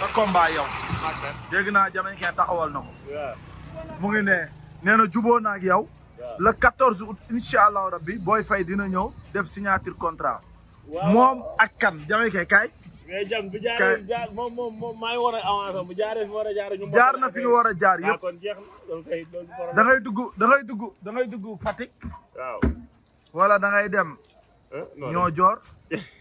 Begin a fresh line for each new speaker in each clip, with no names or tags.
sa combat yow. dégg naa Jamaïcain taxawal na ko. mu ngi ne nee na juboo na ak yow. le 14 août incha allahu rabbi booy fay dina ñëw def signature contrat. moom ak kan Jamaïcain kaay.
mais jam jaar moom war a avancer
fi war a jaar ñu. jaar na fi war a jaar ah,
jeex
na da dugg da dugg da ngay dugg Fatick. wala da dem. ñoo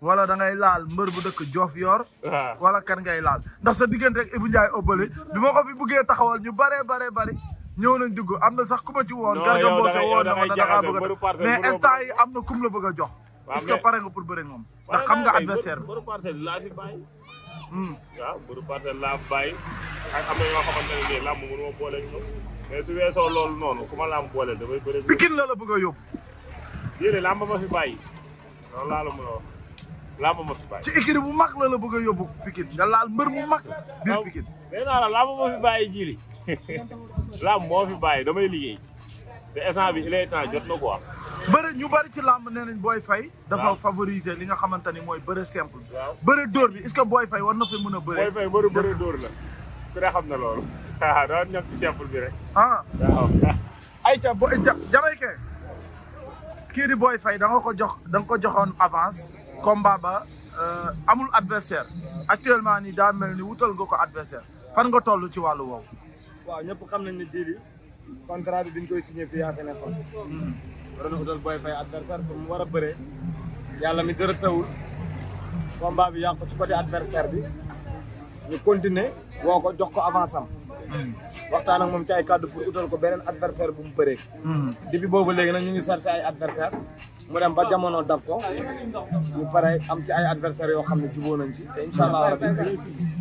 wala da ngay laal mbër bu dëkk Joof yoor ah. wala kan ngay laal ndax sa diggante rek Ibou Ndiaye Obale bi ma ko fi buggee taxawal ñu bare bare bari ñëw nañ dugg am na sax ku ma ci woon Garga Mbossé woon na ma da ngaa bëgg a mais instant yi am na kum la bëgg a jox parce que pare nga pour bëri moom ndax xam nga adversaire bi mbëru parcelle laa fi bàyyi hmm.
waaw mbëru parcelle laa fi bàyyi ak am na yoo xamante ne nii làmb mënu ma la la
bëgg a yóbbu fi bàyyi la làmb ma fi bàyyi. ci écurie bu mag la la bëgg a yóbbu Pikine nga laal mbër mu mag biir Pikine. nee la làmb ma fi bàyyi jili làmb moo fi bàyyi damay liggéey te instant bi il est temps jot na ko wax. bëre ñu bari ci làmb nee nañ Boy Faye dafa favoriser li nga xamante ni mooy bëre simple. waaw door bi est-ce que Boy Faye war na fa mën a bëre. Boy Faye bëre bëre dóor la. ku ne xam na loolu. ah daal ñàkk bi rek. ah waaw. ayca bo ja Jamaïcain kii di Boy jox da nga ko joxoon avance. combat ba euh, amul adversaire actuellement nii daa mel ni wutal nga ko adversaire fan nga toll ci wàllu woowu. waaw ñëpp xam nañ ne diili contrat bi biñ koy signé fii yaa fi nekkoon. Hmm. war na utal Boy Faye adversaire pour
mu war a bëre yàlla mi dara tawul combat bi yàq ko ci côté adversaire bi ñu continuer woo ko jox ko avance am. Hmm. waxtaan ak moom ci ay kàddu pour utal ko beneen adversaire bu mu bëree. Hmm. depuis boobu léegi nag ñu ngi cherché ay adversaire mu dem ba jamono dab ko ñu pare am ci ay adversaire yoo xam ne jubóo nañ ci te incha allah rabi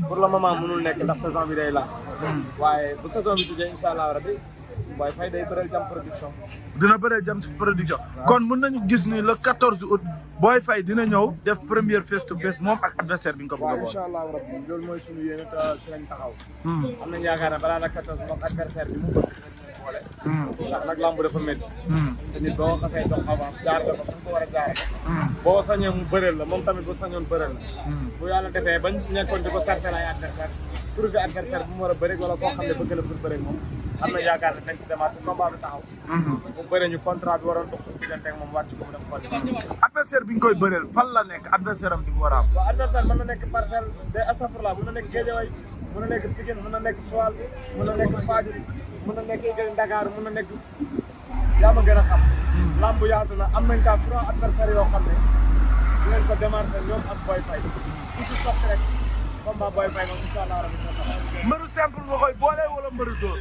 pour le moment mënul nekk ndax saison bi day laaj. Hmm. waaye bu saison bi tijjee incha allah rabi waaye fay day bëreel jam production.
dina bëreel jam production. kon mën nañu gis ni le 14 août. booy fay dina ñëw def première face to face moom ak adversaire bi nga ko bëgg a boole.
waaw rabbi loolu mooy suñu yéene te ci lañ taxaw.
Hmm. am nañ yaakaar ne balaa la
14 moom adversaire bi mu bëgg dinañ boole. Hmm. Hmm. boo xasee jox avance jaar a jaar. boo sañee mu bëreel la moom tamit bu sañoon bëreel la. yàlla defee bañ nekkoon di ko sarse ay trouvé adversaire bu mu a bëri wala koo xam ne bëgg la pour moom am na yaakaar ne dañ ci demaat si bi taxaw. Mhm. mu bëri ñu contrat bi waroon dox suñu diggante moom wàcc ko mu dem xool.
adversaire bi ñu koy bëreel fan la nekk adversaire am di mu war a
nekk parcelle de astafurla mën na nekk Guédiawaye mën na nekk Pikine mën na nekk Soal mën na nekk Fadiouth mën na nekk yaa ma gën a xam. Mhm. lamb yaatu na am nañ kaa trois yoo xam ne dinañ ko démarrer combat Boy Faye moom incha allah rabbi mbëru simple nga koy boole wala mbëru dóor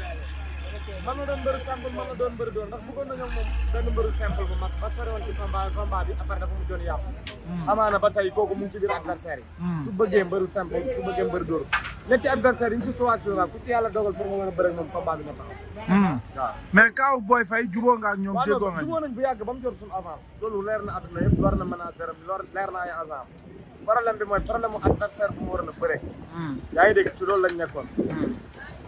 man ma doon mbëru simple man ma doon mbëru dóor ndax bëggoon nañoo moom benn mbëru simple bu mag ba sore woon ci combat combat bi après dafa mujjoon yàqu hmm. amaana ba tey kooku mu ngi ci biir adversaire yi hmm. su bëggee mbëru simple su bëggee mbëru dóor ñetti adversaire yi ñu si choisir la ku ci yàlla dogal pour nga mën a bëre ak moom combat bi na taxaw hmm. waaw mais kaaw Boy Faye jubóo nga
ak ñoom déggoo nga jubóo nañ
bu yàgg ba mu jot suñu avance loolu leer na adduna yëpp leer na manager leer na ay agent problème bi mooy problème mu adversaire bu mu war a bëre. Hmm. yaa ngi dégg ci loolu lañ nekkoon. Hmm.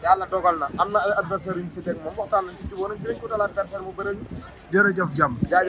na am na ay adversaire yu ñu si teg moom waxtaan nañ si jubóo nañ dinañ ko dal adversaire mu bëre ñu. jërëjëf jàmm.